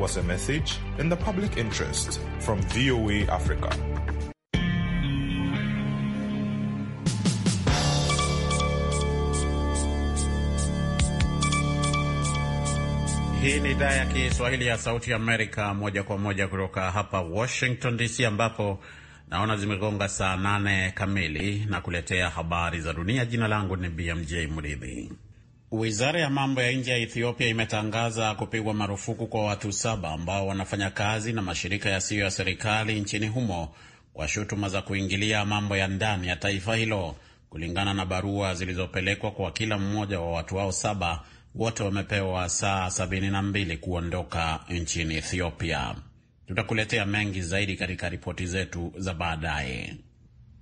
was a message in the public interest from VOA Africa. Hii ni idhaa ya Kiswahili ya Sauti Amerika moja kwa moja kutoka hapa Washington DC, ambapo naona zimegonga saa nane kamili na kuletea habari za dunia. Jina langu ni BMJ Mridhi. Wizara ya mambo ya nje ya Ethiopia imetangaza kupigwa marufuku kwa watu saba ambao wanafanya kazi na mashirika yasiyo ya serikali nchini humo kwa shutuma za kuingilia mambo ya ndani ya taifa hilo. Kulingana na barua zilizopelekwa kwa kila mmoja wa watu hao saba, wote wamepewa saa 72 kuondoka nchini Ethiopia. Tutakuletea mengi zaidi katika ripoti zetu za baadaye.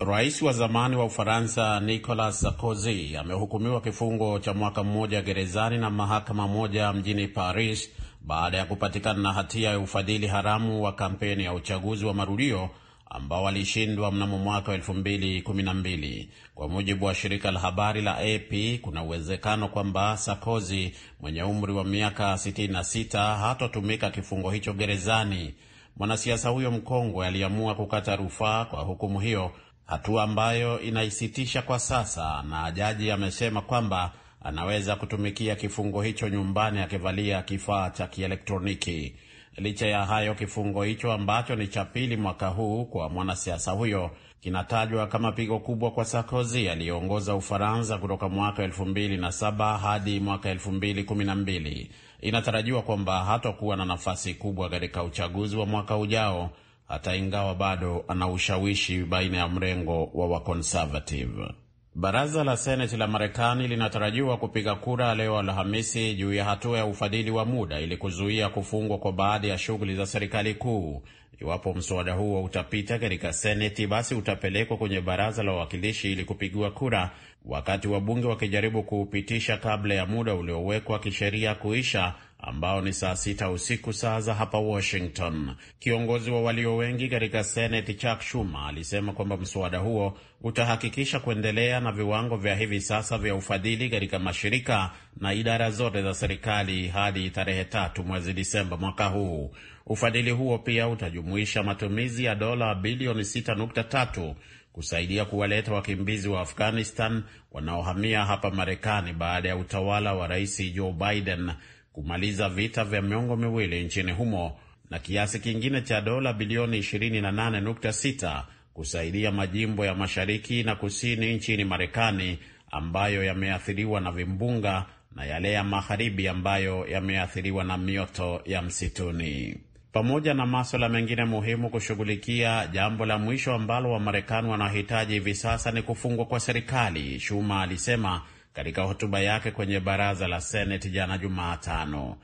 Rais wa zamani wa Ufaransa Nicolas Sarkozy amehukumiwa kifungo cha mwaka mmoja gerezani na mahakama moja mjini Paris baada ya kupatikana na hatia ya ufadhili haramu wa kampeni ya uchaguzi wa marudio ambao alishindwa mnamo mwaka 2012. Kwa mujibu wa shirika la habari la AP, kuna uwezekano kwamba Sarkozy mwenye umri wa miaka 66 hatotumika kifungo hicho gerezani. Mwanasiasa huyo mkongwe aliamua kukata rufaa kwa hukumu hiyo hatua ambayo inaisitisha kwa sasa, na jaji amesema kwamba anaweza kutumikia kifungo hicho nyumbani akivalia kifaa cha kielektroniki. Licha ya hayo, kifungo hicho ambacho ni cha pili mwaka huu kwa mwanasiasa huyo kinatajwa kama pigo kubwa kwa Sarkozy aliyeongoza Ufaransa kutoka mwaka 2007 hadi mwaka 2012. Inatarajiwa kwamba hatakuwa na nafasi kubwa katika uchaguzi wa mwaka ujao hata ingawa bado ana ushawishi baina ya mrengo wa wakonservative. Baraza la Seneti la Marekani linatarajiwa kupiga kura leo Alhamisi juu ya hatua ya ufadhili wa muda ili kuzuia kufungwa kwa baadhi ya shughuli za serikali kuu. Iwapo mswada huo utapita katika Seneti, basi utapelekwa kwenye baraza la wawakilishi ili kupigiwa kura, wakati wabunge wakijaribu kuupitisha kabla ya muda uliowekwa kisheria kuisha ambao ni saa sita usiku saa za hapa Washington. Kiongozi wa walio wengi katika senet Chuck Schumer alisema kwamba mswada huo utahakikisha kuendelea na viwango vya hivi sasa vya ufadhili katika mashirika na idara zote za serikali hadi tarehe tatu mwezi Disemba mwaka huu. Ufadhili huo pia utajumuisha matumizi ya dola bilioni 6.3 kusaidia kuwaleta wakimbizi wa Afghanistan wanaohamia hapa Marekani baada ya utawala wa Rais Joe Biden kumaliza vita vya miongo miwili nchini humo na kiasi kingine cha dola bilioni 28.6 kusaidia majimbo ya mashariki na kusini nchini Marekani ambayo yameathiriwa na vimbunga na yale ya magharibi ambayo yameathiriwa na mioto ya msituni pamoja na maswala mengine muhimu kushughulikia. Jambo la mwisho ambalo Wamarekani wanahitaji hivi sasa ni kufungwa kwa serikali, Shuma alisema, katika hotuba yake kwenye baraza la Seneti jana Jumatano,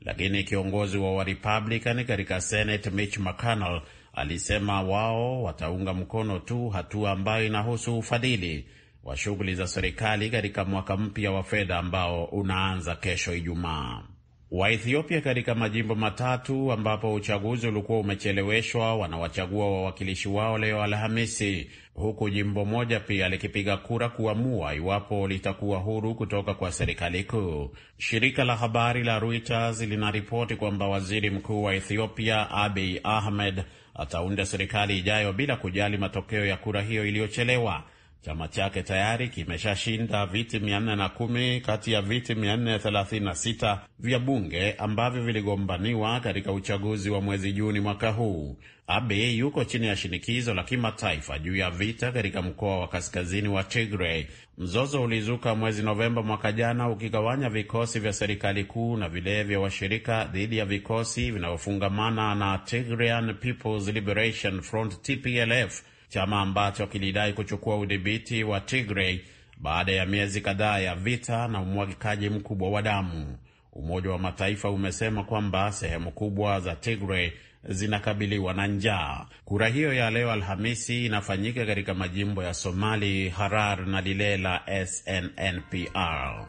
lakini kiongozi wa Warepublican katika Senate Mitch McConnell alisema wao wataunga mkono tu hatua ambayo inahusu ufadhili wa shughuli za serikali katika mwaka mpya wa fedha ambao unaanza kesho Ijumaa wa ethiopia katika majimbo matatu ambapo uchaguzi ulikuwa umecheleweshwa wanawachagua wawakilishi wao leo Alhamisi, huku jimbo moja pia likipiga kura kuamua iwapo litakuwa huru kutoka kwa serikali kuu. Shirika la habari la Reuters linaripoti kwamba waziri mkuu wa Ethiopia Abiy Ahmed ataunda serikali ijayo bila kujali matokeo ya kura hiyo iliyochelewa. Chama chake tayari kimeshashinda viti 410 kati ya viti 436 vya bunge ambavyo viligombaniwa katika uchaguzi wa mwezi Juni mwaka huu. Abe yuko chini ya shinikizo la kimataifa juu ya vita katika mkoa wa kaskazini wa Tigray. Mzozo ulizuka mwezi Novemba mwaka jana, ukigawanya vikosi vya serikali kuu na vile vya washirika dhidi ya vikosi vinavyofungamana na Tigrayan People's Liberation Front TPLF chama ambacho kilidai kuchukua udhibiti wa Tigray baada ya miezi kadhaa ya vita na umwagikaji mkubwa wa damu. Umoja wa Mataifa umesema kwamba sehemu kubwa za Tigray zinakabiliwa na njaa. Kura hiyo ya leo Alhamisi inafanyika katika majimbo ya Somali, Harar na lile la SNNPR.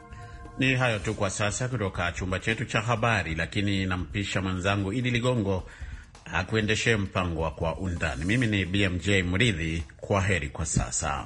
Ni hayo tu kwa sasa kutoka chumba chetu cha habari, lakini nampisha mwenzangu Idi Ligongo akuendeshee mpango wa kwa undani. Mimi ni BMJ Mridhi, kwa heri kwa sasa.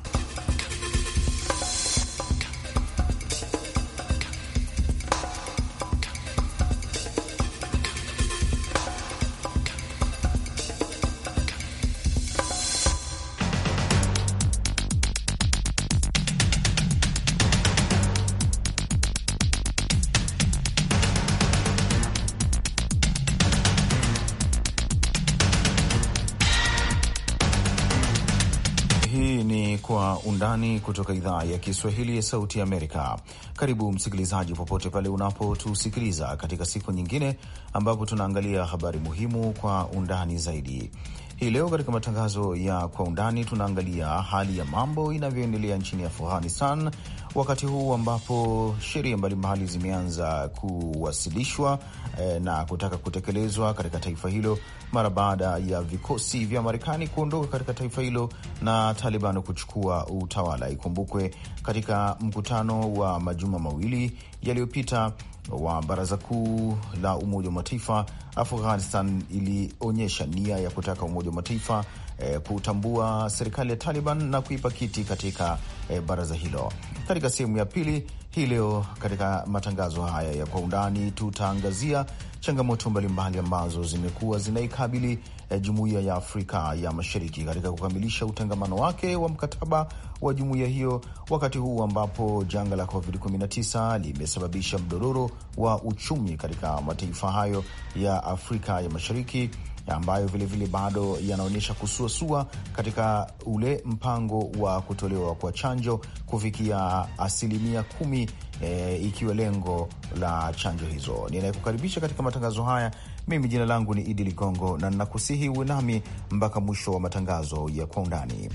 Undani kutoka idhaa ya Kiswahili ya Sauti Amerika. Karibu msikilizaji, popote pale unapotusikiliza katika siku nyingine ambapo tunaangalia habari muhimu kwa undani zaidi. Hii leo katika matangazo ya kwa undani tunaangalia hali ya mambo inavyoendelea nchini Afghanistan wakati huu ambapo sheria mbalimbali zimeanza kuwasilishwa eh, na kutaka kutekelezwa katika taifa hilo mara baada ya vikosi vya Marekani kuondoka katika taifa hilo na Taliban kuchukua utawala. Ikumbukwe katika mkutano wa majuma mawili yaliyopita wa Baraza Kuu la Umoja wa Mataifa, Afghanistan ilionyesha nia ya kutaka Umoja wa Mataifa e, kutambua serikali ya Taliban na kuipa kiti katika e, baraza hilo. Katika sehemu ya pili hii leo katika matangazo haya ya kwa undani, tutaangazia changamoto mbalimbali ambazo zimekuwa zinaikabili Eh, jumuiya ya Afrika ya Mashariki katika kukamilisha utangamano wake wa mkataba wa jumuiya hiyo, wakati huu ambapo janga la COVID-19 limesababisha mdororo wa uchumi katika mataifa hayo ya Afrika ya Mashariki ambayo vilevile bado yanaonyesha kusuasua katika ule mpango wa kutolewa kwa chanjo kufikia asilimia kumi, e, ikiwa lengo la chanjo hizo. Ninayekukaribisha katika matangazo haya mimi jina langu ni Idi Ligongo na ninakusihi uwe nami mpaka mwisho wa matangazo ya kwa undani.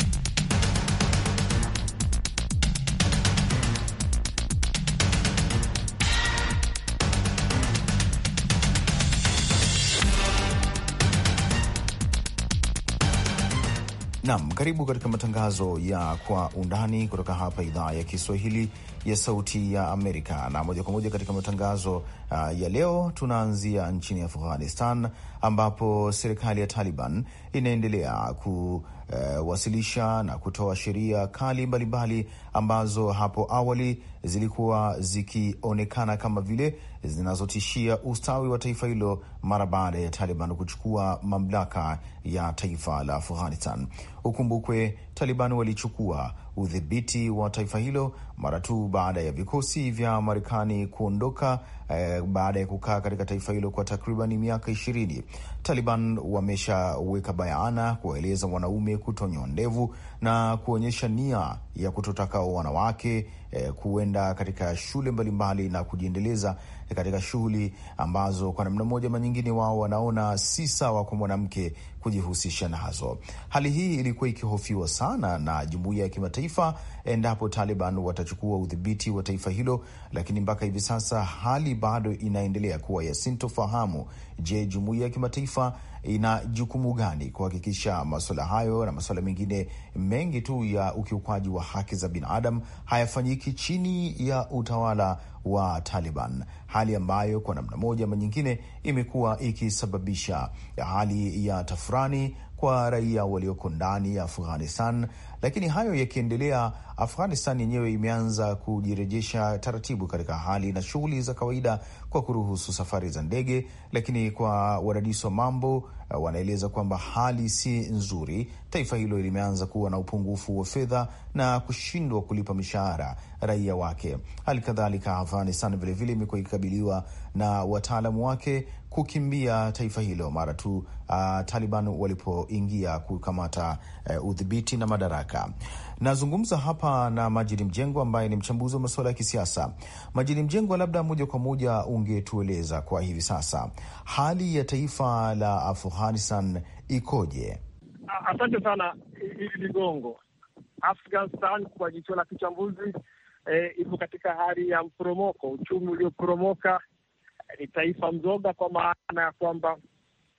Nam, karibu katika matangazo ya Kwa Undani kutoka hapa idhaa ya Kiswahili ya Sauti ya Amerika. Na moja kwa moja katika matangazo uh, ya leo tunaanzia nchini Afghanistan ambapo serikali ya Taliban inaendelea kuwasilisha uh, na kutoa sheria kali mbalimbali ambazo hapo awali zilikuwa zikionekana kama vile zinazotishia ustawi wa taifa hilo mara baada ya Taliban kuchukua mamlaka ya taifa la Afghanistan. Ukumbukwe, Taliban walichukua udhibiti wa taifa hilo mara tu baada ya vikosi vya Marekani kuondoka eh, baada ya kukaa katika taifa hilo kwa takriban miaka ishirini. Taliban wameshaweka bayana kuwaeleza wanaume kutonyoa ndevu na kuonyesha nia ya kutotaka wanawake eh, kuenda katika shule mbalimbali na kujiendeleza katika shughuli ambazo kwa namna moja ama nyingine wao wanaona si sawa kwa mwanamke kujihusisha nazo. Hali hii ilikuwa ikihofiwa sana na jumuiya ya kimataifa endapo Taliban watachukua udhibiti wa taifa hilo, lakini mpaka hivi sasa hali bado inaendelea kuwa ya sintofahamu. Je, jumuiya ya kimataifa ina jukumu gani kuhakikisha masuala hayo na masuala mengine mengi tu ya ukiukwaji wa haki za binadamu hayafanyiki chini ya utawala wa Taliban? hali ambayo kwa namna moja ama nyingine imekuwa ikisababisha hali ya tafurani kwa raia walioko ndani ya Afghanistan. Lakini hayo yakiendelea, Afghanistan yenyewe imeanza kujirejesha taratibu katika hali na shughuli za kawaida kwa kuruhusu safari za ndege, lakini kwa wadadisi wa mambo Uh, wanaeleza kwamba hali si nzuri. Taifa hilo limeanza kuwa na upungufu wa fedha na kushindwa kulipa mishahara raia wake. Hali kadhalika, Afghanistan vilevile imekuwa ikikabiliwa na wataalamu wake kukimbia taifa hilo mara tu uh, Taliban walipoingia kukamata uh, udhibiti na madaraka. Nazungumza hapa na majini Mjengwa ambaye ni mchambuzi wa masuala ya kisiasa. majini Mjengwa, labda moja kwa moja ungetueleza kwa hivi sasa hali ya taifa la Afghanistan ikoje? Asante sana hili Ligongo. Afghanistan kwa jicho la kichambuzi e, eh, ipo katika hali ya mporomoko, uchumi ulioporomoka. Eh, ni taifa mzoga, kwa maana ya kwamba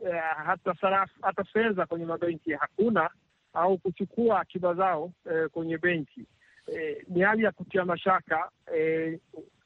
e, hata sarafu hata fedha kwenye mabenki hakuna au kuchukua akiba zao e, kwenye benki e, ni hali ya kutia mashaka e,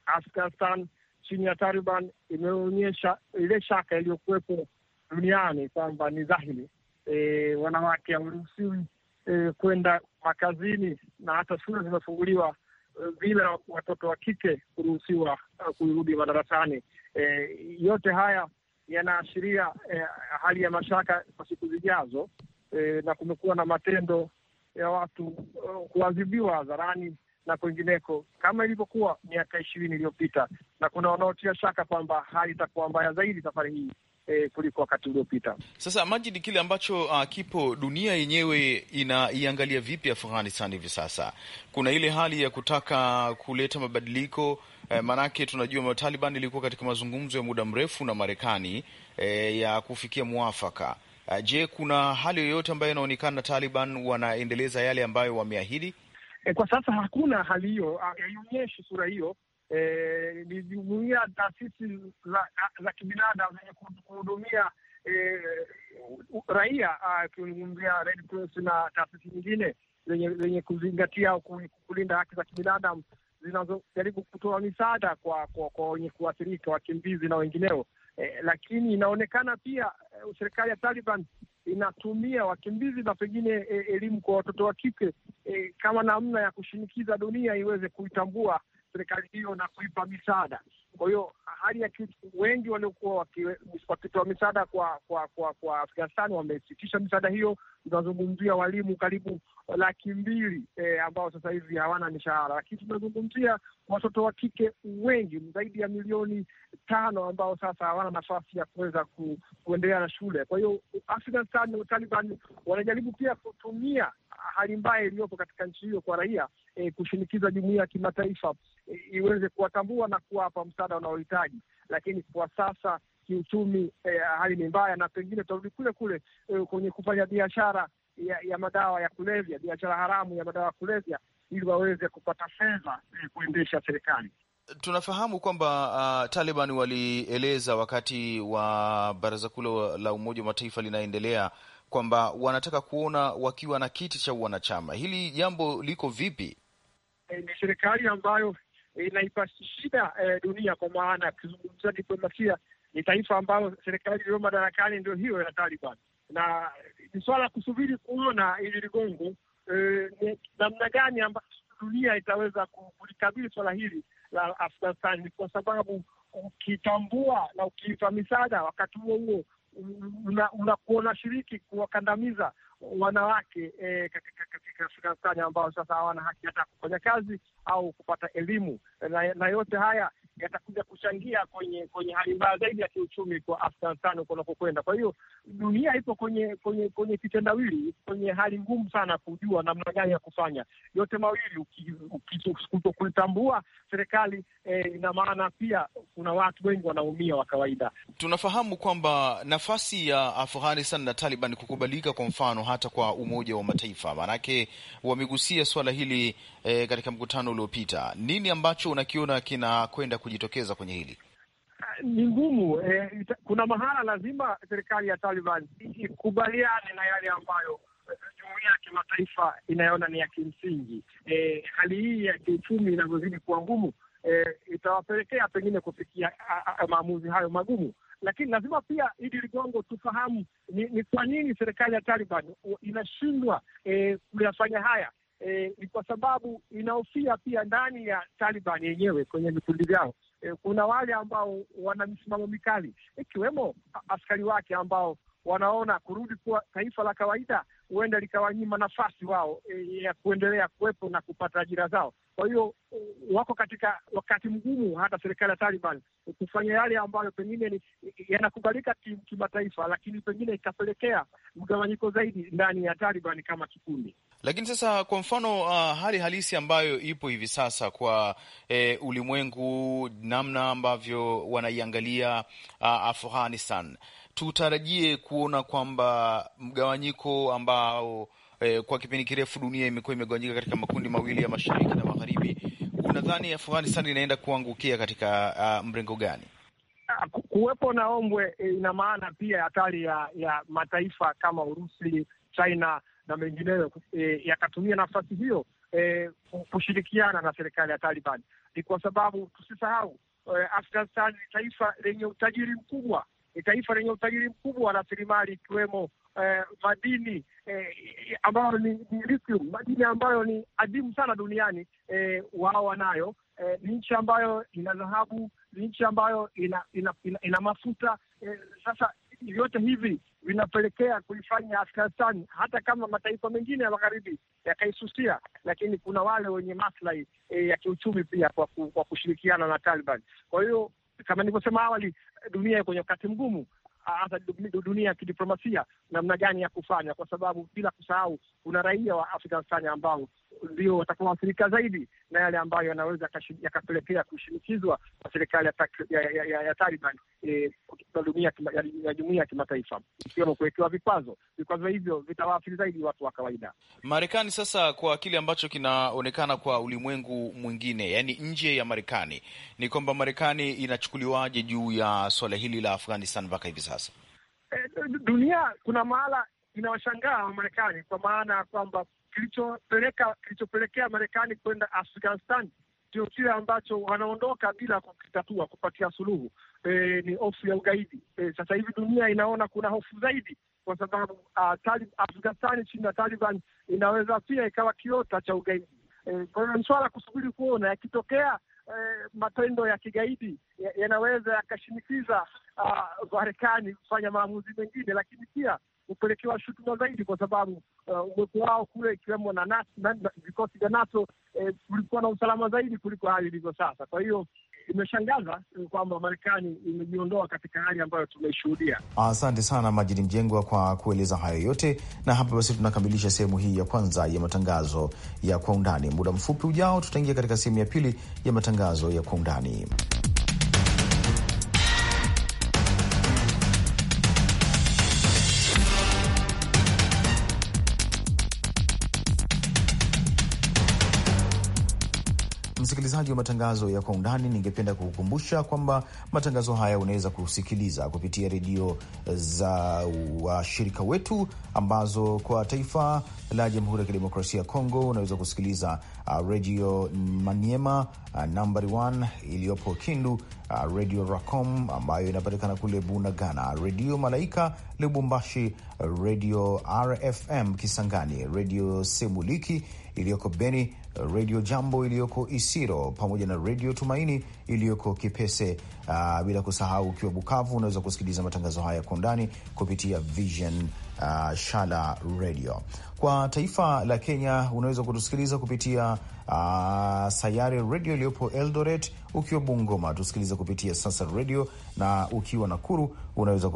Afghanistan chini ya Taliban imeonyesha ile shaka iliyokuwepo duniani kwamba ni dhahiri e, wanawake hawaruhusiwi e, kwenda makazini na hata shule zimefunguliwa e, bila watoto wa kike kuruhusiwa e, kurudi madarasani. E, yote haya yanaashiria e, hali ya mashaka kwa siku zijazo e, na kumekuwa na matendo ya watu uh, kuadhibiwa hadharani na kwingineko kama ilivyokuwa miaka ishirini iliyopita, na kuna wanaotia shaka kwamba hali itakuwa mbaya zaidi safari hii e, kuliko wakati uliopita. Sasa majidi kile ambacho uh, kipo dunia yenyewe inaiangalia vipi Afghanistan hivi sasa? Kuna ile hali ya kutaka kuleta mabadiliko eh, maanake tunajua Taliban ilikuwa katika mazungumzo ya muda mrefu na Marekani eh, ya kufikia mwafaka Uh, je, kuna hali yoyote ambayo inaonekana Taliban wanaendeleza yale ambayo wameahidi? E, kwa sasa hakuna hali hiyo, ah, haionyeshi sura hiyo. E, ni jumuia taasisi za, za kibinadamu zenye kuhudumia e, raia akizungumzia ah, Red Cross na taasisi nyingine zenye zenye kuzingatia au kulinda haki za kibinadamu zinazojaribu kutoa misaada kwa kwa wenye kuathirika, wakimbizi na wengineo eh, lakini inaonekana pia eh, serikali ya Taliban inatumia wakimbizi na pengine eh, elimu kwa watoto wa kike eh, kama namna ya kushinikiza dunia iweze kuitambua serikali hiyo na kuipa misaada. Kwa hiyo hali ya wengi waliokuwa wakitoa misaada kwa kwa kwa kwa Afghanistan wamesitisha misaada hiyo. Tunazungumzia walimu karibu laki mbili e, ambao sasa hivi hawana mishahara, lakini tunazungumzia watoto wa kike wengi zaidi ya milioni tano ambao sasa hawana nafasi ya kuweza ku, kuendelea na shule. Kwa hiyo Afghanistan na Taliban wanajaribu pia kutumia hali mbaya iliyopo katika nchi hiyo kwa raia e, kushinikiza jumuia ya kimataifa e, iweze kuwatambua na kuwapa msaada wanaohitaji, lakini kwa sasa kiuchumi e, hali ni mbaya, na pengine tutarudi kule kule e, kwenye kufanya biashara ya, ya madawa ya kulevya, biashara haramu ya madawa ya kulevya, ili waweze kupata fedha e, kuendesha serikali. Tunafahamu kwamba uh, Taliban walieleza wakati wa baraza kuu la Umoja wa Mataifa linaendelea kwamba wanataka kuona wakiwa na kiti cha wanachama. Hili jambo liko vipi? E, ni serikali ambayo inaipa shida e, dunia kwa maana kizungumzia diplomasia ni taifa ambalo serikali iliyo madarakani ndio hiyo ya Taliban, na ni swala la kusubiri kuona ili ligongo e, namna gani ambayo dunia itaweza kulikabili swala hili la Afghanistan, kwa sababu ukitambua na ukiipa misaada wakati huo huo unakuwa una kuwakandamiza wanawake eh, katika kanya ambao sasa hawana haki hata kufanya kazi au kupata elimu na, na yote haya yatakuja kuchangia kwenye kwenye hali mbaya zaidi ya kiuchumi kwa Afghanistan kunakokwenda. Kwa hiyo dunia ipo kwenye kwenye kwenye kitendawili, kwenye hali ngumu sana kujua namna gani ya kufanya yote mawili. kutokuitambua kuitambua serikali eh, ina maana pia kuna watu wengi wanaumia wa kawaida. Tunafahamu kwamba nafasi ya Afghanistan na Taliban kukubalika, kwa mfano hata kwa Umoja wa Mataifa, maanake wamegusia swala hili eh, katika mkutano uliopita. Nini ambacho unakiona kinakwenda kujitokeza kwenye hili? Ni ngumu eh, kuna mahala lazima serikali ya Taliban ikubaliane na yale ambayo eh, jumuia ya kimataifa inayoona ni ya kimsingi. Eh, hali hii ya kiuchumi inavyozidi kuwa ngumu eh, itawapelekea pengine kufikia maamuzi hayo magumu, lakini lazima pia Idi Ligongo tufahamu ni, ni kwa nini serikali ya Taliban inashindwa eh, kuyafanya haya eh, ni kwa sababu inahofia pia ndani ya Taliban yenyewe kwenye vikundi vyao eh, kuna wale ambao wana misimamo mikali ikiwemo eh, askari wake ambao wanaona kurudi kuwa taifa la kawaida huenda likawanyima nafasi wao e, ya kuendelea kuwepo na kupata ajira zao. Kwa hiyo e, wako katika wakati mgumu, hata serikali ya Taliban kufanya yale ambayo pengine yanakubalika kimataifa, lakini pengine ikapelekea mgawanyiko zaidi ndani ya Taliban kama kikundi. Lakini sasa kwa mfano uh, hali halisi ambayo ipo hivi sasa kwa eh, ulimwengu namna ambavyo wanaiangalia uh, Afghanistan, tutarajie kuona kwamba mgawanyiko ambao eh, kwa kipindi kirefu dunia imekuwa imegawanyika katika makundi mawili ya mashariki na magharibi, unadhani Afghanistan inaenda kuangukia katika uh, mrengo gani? Ah, kuwepo na ombwe eh, ina maana pia hatari ya, ya mataifa kama Urusi, China na mengineyo e, yakatumia nafasi hiyo e, kushirikiana na serikali ya Taliban. Ni kwa sababu tusisahau, e, Afghanistan ni taifa lenye utajiri mkubwa, ni taifa lenye utajiri mkubwa wa rasilimali ikiwemo Eh, madini eh, ambayo ni, ni lithium, madini ambayo ni adimu sana duniani eh, wao wanayo. Eh, ni nchi ambayo ina dhahabu, ni nchi ambayo ina ina, ina, ina mafuta eh, sasa vyote hivi vinapelekea kuifanya Afghanistan hata kama mataifa mengine ya magharibi yakaisusia, lakini kuna wale wenye maslahi e, ya kiuchumi pia kwa, kwa kushirikiana na Taliban. Kwa hiyo kama nilivyosema awali, dunia kwenye wakati mgumu hasa dunia ya kidiplomasia namna gani ya kufanya, kwa sababu bila kusahau kuna raia wa Afghanistan ambao ndio watakaoathirika zaidi na yale ambayo yanaweza yakapelekea kushinikizwa kwa serikali ya, ya, ya, ya Taliban e, dunia ya jumuia ya kimataifa ikiwemo kuwekewa vikwazo. Vikwazo hivyo vitawaathiri zaidi watu wa kawaida. Marekani sasa, kwa kile ambacho kinaonekana kwa ulimwengu mwingine, yaani nje ya Marekani, ni kwamba Marekani inachukuliwaje juu ya swala hili la Afghanistan mpaka hivi sasa? E, dunia kuna mahala inawashangaa Wamarekani kwa maana ya kwamba kilichopeleka kilichopelekea Marekani kwenda Afghanistan ndio kile ambacho wanaondoka bila kukitatua kupatia suluhu e, ni hofu ya ugaidi e, sasa hivi dunia inaona kuna hofu zaidi kwa sababu uh, Afghanistan chini ya Taliban inaweza pia ikawa kiota cha ugaidi e, kwa hiyo ni swala kusubiri kuona yakitokea e, matendo ya kigaidi yanaweza ya yakashinikiza Marekani kufanya maamuzi mengine, lakini pia kupelekewa shutuma zaidi, kwa sababu uh, uwepo wao kule ikiwemo na vikosi vya NATO kulikuwa eh, na usalama zaidi kuliko hali ilivyo sasa. Kwa hiyo imeshangaza eh, kwamba Marekani imejiondoa katika hali ambayo tumeishuhudia. Asante sana Majini Mjengwa kwa kueleza hayo yote, na hapa basi tunakamilisha sehemu hii ya kwanza ya matangazo ya kwa undani. Muda mfupi ujao, tutaingia katika sehemu ya pili ya matangazo ya kwa undani. Msikilizaji wa matangazo ya kwa undani, ningependa kukukumbusha kwamba matangazo haya unaweza kusikiliza kupitia redio za washirika wetu ambazo kwa taifa la Jamhuri ya Kidemokrasia ya Kongo unaweza kusikiliza uh, redio Maniema uh, nambari 1 iliyopo Kindu, uh, redio Racom ambayo inapatikana kule Bunagana, redio Malaika Lubumbashi, redio RFM Kisangani, redio Semuliki iliyoko Beni Redio Jambo iliyoko Isiro pamoja na Redio Tumaini iliyoko Kipese. Uh, bila kusahau ukiwa Bukavu unaweza kusikiliza matangazo haya kwa undani kupitia Vision uh, Shala Radio. Kwa taifa la Kenya unaweza kutusikiliza kupitia uh, Sayare Radio iliyopo Eldoret. Ukiwa Bungoma tusikiliza kupitia Sasa Radio, na ukiwa Nakuru unaweza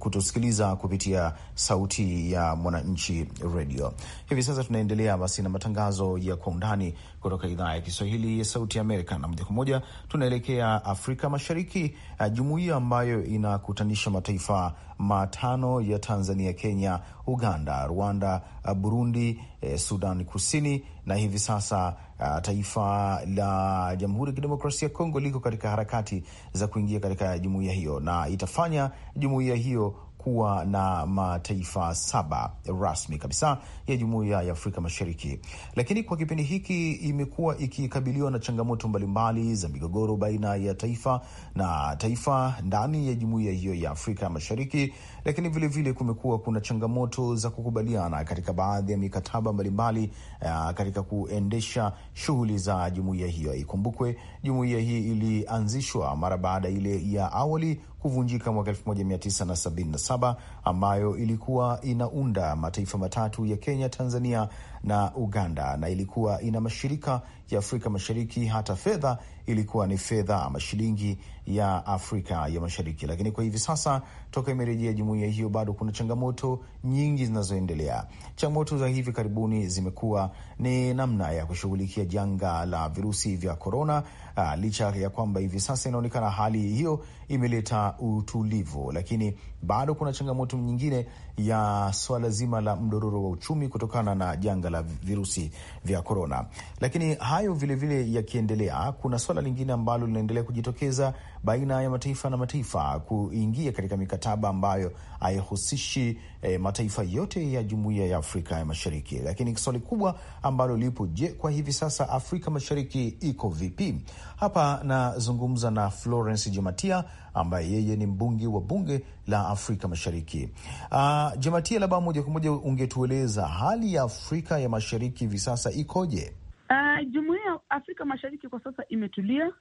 kutusikiliza kupitia Sauti ya Mwananchi Radio. Hivi sasa tunaendelea basi na matangazo ya kwa undani kutoka idhaa ya Kiswahili ya Sauti ya Amerika, na moja kwa moja tunaelekea Afrika Mashariki, uh, jumuiya ambayo inakutanisha mataifa matano ya Tanzania, Kenya, Uganda, Rwanda, uh, Burundi, e, Sudan Kusini na hivi sasa uh, taifa la Jamhuri ya Kidemokrasia ya Kongo liko katika harakati za kuingia katika jumuiya hiyo na itafanya jumuiya hiyo kuwa na mataifa saba rasmi kabisa ya jumuiya ya Afrika Mashariki, lakini kwa kipindi hiki imekuwa ikikabiliwa na changamoto mbalimbali za migogoro baina ya taifa na taifa ndani ya jumuiya hiyo ya Afrika Mashariki lakini vilevile kumekuwa kuna changamoto za kukubaliana katika baadhi ya mikataba mbalimbali eh, katika kuendesha shughuli za jumuiya hiyo. Ikumbukwe jumuiya hii ilianzishwa mara baada ile ya awali kuvunjika mwaka 1977 ambayo ilikuwa inaunda mataifa matatu ya Kenya, Tanzania na Uganda, na ilikuwa ina mashirika ya Afrika Mashariki, hata fedha ilikuwa ni fedha ama shilingi ya Afrika ya Mashariki. Lakini kwa hivi sasa toka imerejea jumuiya hiyo, bado kuna changamoto nyingi zinazoendelea. Changamoto za hivi karibuni zimekuwa ni namna ya kushughulikia janga la virusi vya korona uh, licha ya kwamba hivi sasa inaonekana hali hiyo imeleta utulivu, lakini bado kuna changamoto nyingine ya swala zima la mdororo wa uchumi kutokana na janga la virusi vya korona. Lakini hayo vilevile yakiendelea, kuna swala lingine ambalo linaendelea kujitokeza baina ya mataifa na mataifa kuingia katika mikataba ambayo haihusishi e, mataifa yote ya jumuiya ya Afrika ya Mashariki. Lakini swali kubwa ambalo lipo, je, kwa hivi sasa Afrika Mashariki iko vipi? Hapa nazungumza na Florence Jematia ambaye yeye ni mbunge wa bunge la Afrika Mashariki. Uh, Jematia, labda moja kwa moja ungetueleza hali ya Afrika ya Mashariki hivi sasa ikoje? Uh, jumuiya ya Afrika Mashariki kwa sasa imetulia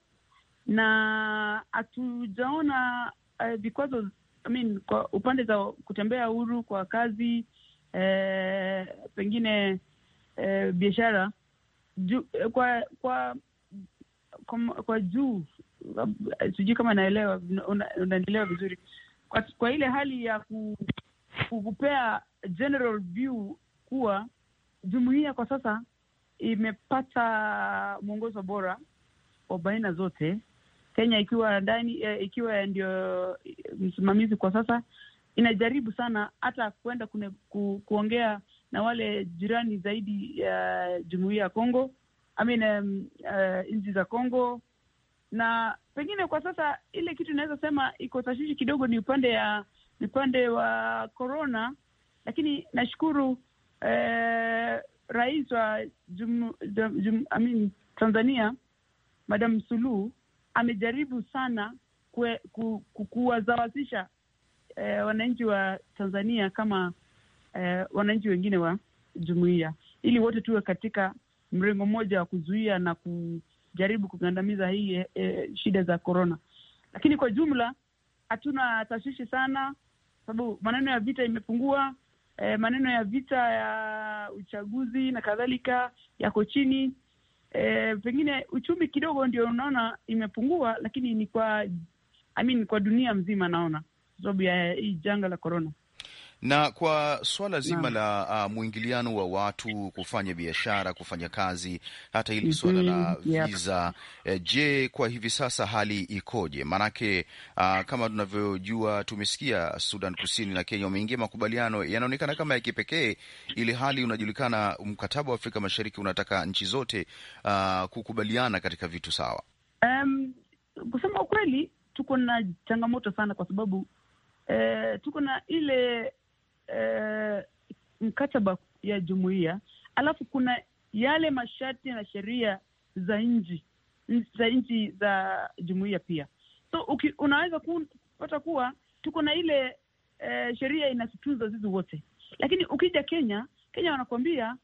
na hatujaona uh, vikwazo I mean, kwa upande za kutembea huru kwa kazi uh, pengine uh, biashara kwa kwa kwa, kwa juu sijui kama naelewa, una vizuri kwa, kwa ile hali ya ku, kukupea general view kuwa jumuia kwa sasa imepata mwongozo bora wa baina zote Kenya ikiwa ndani eh, ikiwa ndio eh, msimamizi kwa sasa, inajaribu sana hata kuenda kune, ku, kuongea na wale jirani zaidi ya jumuia ya Kongo I mean, um, uh, nchi za Kongo na pengine kwa sasa ile kitu inaweza sema iko tashishi kidogo ni upande ya ni upande wa corona, lakini nashukuru eh, rais wa jum, jum, jum, I mean, Tanzania Madam Suluhu amejaribu sana kuwazawazisha eh, wananchi wa Tanzania kama eh, wananchi wengine wa jumuiya, ili wote tuwe katika mrengo mmoja wa kuzuia na kujaribu kugandamiza hii eh, eh shida za korona. Lakini kwa jumla hatuna tashwishi sana, sababu maneno ya vita imepungua. Eh, maneno ya vita ya uchaguzi na kadhalika yako chini e, pengine uchumi kidogo ndio unaona imepungua, lakini ni kwa I mean, kwa dunia mzima naona kwa sababu ya hii janga la corona. Na kwa swala zima la uh, mwingiliano wa watu kufanya biashara, kufanya kazi, hata hili mm-hmm. swala mm -hmm. la yep. viza e, eh, je, kwa hivi sasa hali ikoje? Maanake uh, ah, kama tunavyojua, tumesikia Sudan Kusini na Kenya wameingia makubaliano yanaonekana kama ya kipekee, ili hali unajulikana, mkataba wa Afrika Mashariki unataka nchi zote uh, kukubaliana katika vitu sawa. Um, kusema ukweli, tuko na changamoto sana kwa sababu eh, tuko na ile eh, mkataba ya jumuiya, alafu kuna yale masharti na sheria za nchi za nchi za jumuiya pia. So uki, unaweza kupata kuwa tuko na ile eh, sheria inatutunza sisi wote, lakini ukija Kenya, Kenya wanakuambia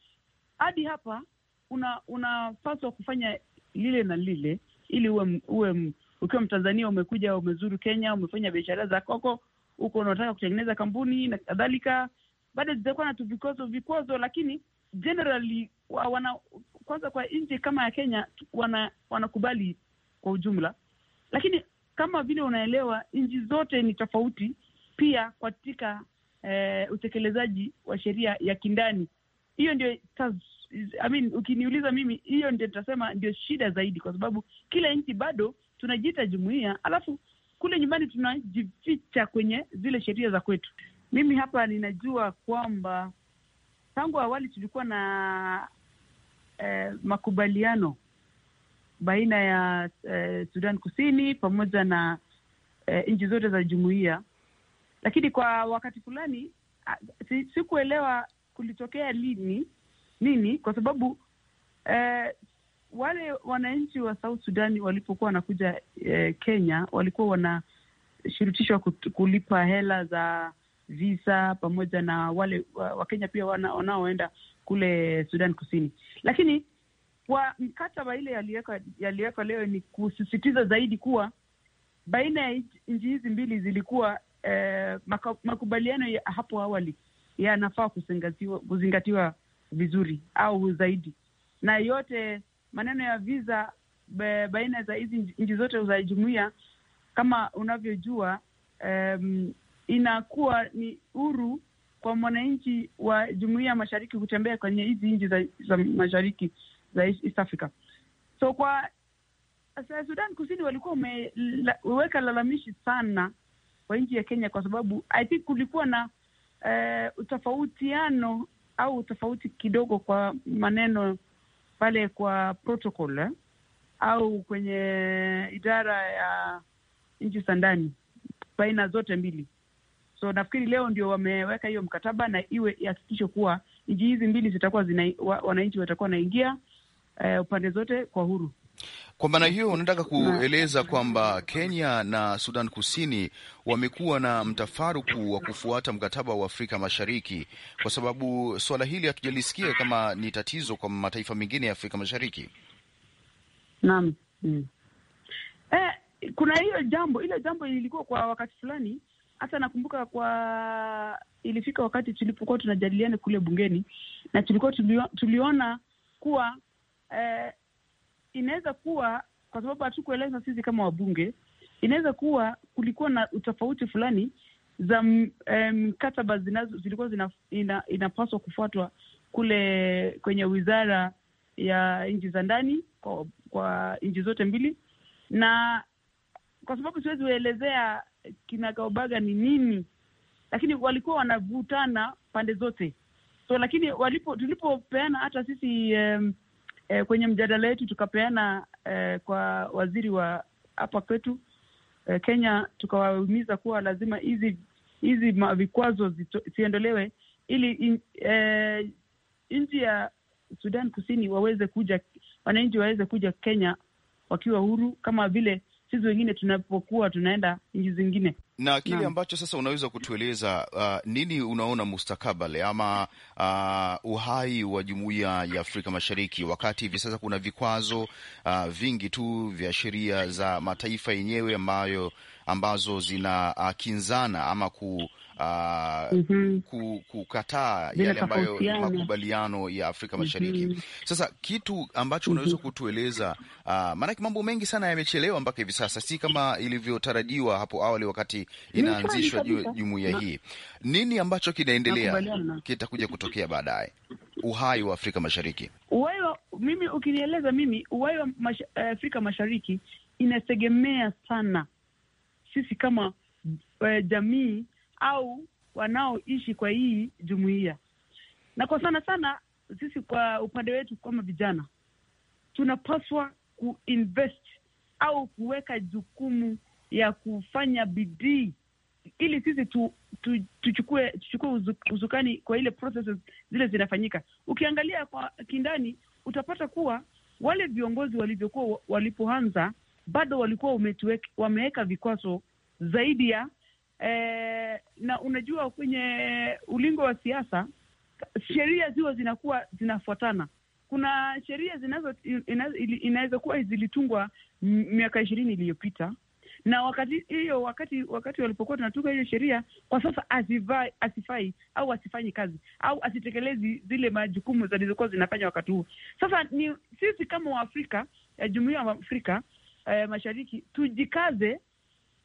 hadi hapa unapaswa una kufanya lile na lile ili uwe, uwe ukiwa Mtanzania umekuja umezuru Kenya umefanya biashara za koko huko unataka kutengeneza kampuni na kadhalika. Bado zitakuwa na tu vikwazo vikwazo, lakini generally wa, wana kwanza kwa nchi kama ya Kenya wana wanakubali kwa ujumla, lakini kama vile unaelewa nchi zote ni tofauti pia katika e, utekelezaji wa sheria ya kindani. Hiyo ndio I mean, ukiniuliza mimi hiyo ndio nitasema ndio shida zaidi, kwa sababu kila nchi bado tunajiita jumuiya, alafu kule nyumbani tunajificha kwenye zile sheria za kwetu. Mimi hapa ninajua kwamba tangu awali tulikuwa na eh, makubaliano baina ya eh, Sudan Kusini pamoja na eh, nchi zote za jumuiya, lakini kwa wakati fulani ah, sikuelewa kulitokea lini nini, kwa sababu eh, wale wananchi wa South Sudani walipokuwa wanakuja eh, Kenya walikuwa wanashurutishwa kulipa hela za visa pamoja na wale Wakenya pia wanaoenda kule Sudan Kusini, lakini kwa mkataba ile yaliwekwa leo ni kusisitiza zaidi kuwa baina ya nchi hizi mbili zilikuwa eh, makubaliano ya hapo awali yanafaa kuzingatiwa vizuri au zaidi, na yote maneno ya visa baina za hizi nchi zote za jumuia kama unavyojua, um, inakuwa ni huru kwa mwananchi wa jumuia ya mashariki kutembea kwenye hizi nchi za, za mashariki za East Africa. So kwa Sudan Kusini walikuwa wameweka lalamishi sana kwa nchi ya Kenya kwa sababu I think kulikuwa na uh, utofautiano au utofauti kidogo kwa maneno pale kwa protocol eh, au kwenye idara ya nchi za ndani baina zote mbili. So nafikiri leo ndio wameweka hiyo mkataba, na iwe ihakikishe kuwa nchi hizi mbili zitakuwa zina, wananchi watakuwa wanaingia eh, upande zote kwa huru. Kwa maana hiyo unataka mm. kueleza kwamba Kenya na Sudan Kusini wamekuwa na mtafaruku wa kufuata mkataba wa Afrika Mashariki, kwa sababu suala hili hatujalisikia kama ni tatizo kwa mataifa mengine ya Afrika Mashariki. Naam. Mm. Eh, kuna hiyo jambo, ile jambo lilikuwa kwa wakati fulani, hata nakumbuka kwa ilifika wakati tulipokuwa tunajadiliana kule bungeni na tulikuwa tuliona kuwa eh, inaweza kuwa kwa sababu hatukueleza sisi kama wabunge, inaweza kuwa kulikuwa na utofauti fulani za mkataba mm, um, zilikuwa zina, ina, inapaswa kufuatwa kule kwenye wizara ya nchi za ndani kwa, kwa nchi zote mbili, na kwa sababu siwezi kuelezea kinagaubaga ni nini, lakini walikuwa wanavutana pande zote so, lakini walipo tulipopeana hata sisi um, e, kwenye mjadala wetu tukapeana e, kwa waziri wa hapa kwetu e, Kenya, tukawahimiza kuwa lazima hizi hizi vikwazo ziondolewe ili in, e, ya Sudan Kusini waweze kuja wananchi waweze kuja Kenya wakiwa huru kama vile sisi wengine tunapokuwa tunaenda nchi zingine. Na kile ambacho sasa unaweza kutueleza uh, nini unaona mustakabali ama uh, uhai wa jumuiya ya Afrika Mashariki, wakati hivi sasa kuna vikwazo uh, vingi tu vya sheria za mataifa yenyewe ambayo ambazo zina uh, kinzana ama ku uh, mm -hmm. kukataa yale ambayo ni makubaliano ya Afrika mhm. Mashariki mm -hmm. Sasa kitu ambacho mhm. unaweza mm -hmm. kutueleza uh, maanake mambo mengi sana yamechelewa mpaka hivi sasa, si kama ilivyotarajiwa hapo awali wakati inaanzishwa jumuiya hii. Nini ambacho kinaendelea kitakuja kutokea baadaye uhai wa Afrika Mashariki? Uhai wa mimi, ukinieleza mimi, uhai wa mash, eh, Afrika Mashariki inategemea sana sisi kama uh, jamii au wanaoishi kwa hii jumuiya. Na kwa sana sana sisi kwa upande wetu kama vijana tunapaswa kuinvest au kuweka jukumu ya kufanya bidii ili sisi tu, tu, tuchukue tuchukue uzukani kwa ile processes zile zinafanyika. Ukiangalia kwa kindani utapata kuwa wale viongozi walivyokuwa walipoanza bado walikuwa wameweka vikwazo zaidi ya eh, na unajua kwenye ulingo wa siasa sheria ziwa zinakuwa zinafuatana. Kuna sheria zinazo inaweza kuwa zilitungwa miaka ishirini iliyopita na wakati hiyo wakati wakati walipokuwa tunatunga hiyo sheria, kwa sasa asifai, asifai au asifanyi kazi au asitekelezi zile majukumu zilizokuwa zinafanya wakati huo. Sasa ni sisi kama Waafrika, eh, jumuiya ya Afrika eh, Mashariki tujikaze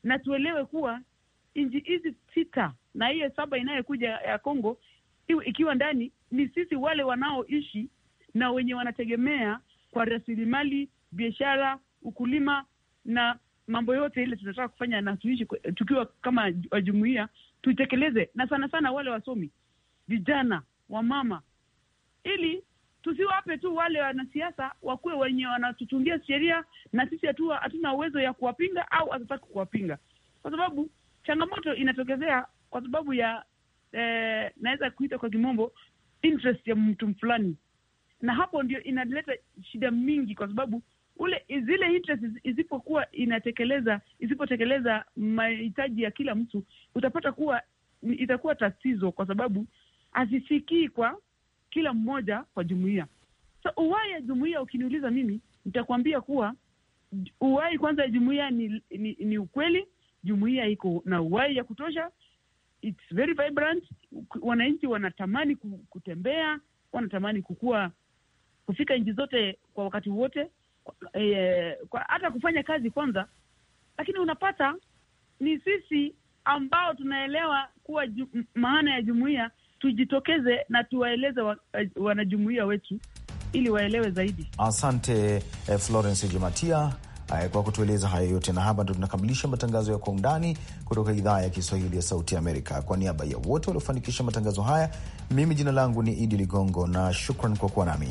na tuelewe kuwa nchi hizi sita na hiyo saba inayokuja ya Kongo ikiwa ndani, ni sisi wale wanaoishi na wenye wanategemea kwa rasilimali, biashara, ukulima na mambo yote ile tunataka kufanya na tuishi tukiwa kama wajumuia, tuitekeleze, na sana sana wale wasomi, vijana, wamama, ili tusiwape tu wale wanasiasa wakuwe wenye wanatutungia sheria, na sisi hatuna uwezo ya kuwapinga au hatutaki kuwapinga, kwa sababu changamoto inatokezea kwa sababu ya eh, naweza kuita kwa kimombo interest ya mtu fulani, na hapo ndio inaleta shida mingi, kwa sababu ule zile interest isipokuwa inatekeleza isipotekeleza mahitaji ya kila mtu, utapata kuwa itakuwa tatizo, kwa sababu hazifikii kwa kila mmoja kwa jumuia So uwai ya jumuia ukiniuliza mimi, nitakwambia kuwa uwai kwanza ya jumuia ni, ni, ni ukweli jumuiya iko na uhai ya kutosha, it's very vibrant. Wananchi wanatamani kutembea, wanatamani kukua, kufika nchi zote kwa wakati wote, e, hata kufanya kazi kwanza, lakini unapata ni sisi ambao tunaelewa kuwa ju, maana ya jumuiya, tujitokeze na tuwaeleze wa, eh, wetu ili waelewe zaidi. Asante eh, Florence Jumatia kwa kutueleza hayo yote, na hapa ndo tunakamilisha matangazo ya kwa undani kutoka idhaa ya Kiswahili ya Sauti ya Amerika. Kwa niaba ya wote waliofanikisha matangazo haya, mimi jina langu ni Idi Ligongo na shukran kwa kuwa nami.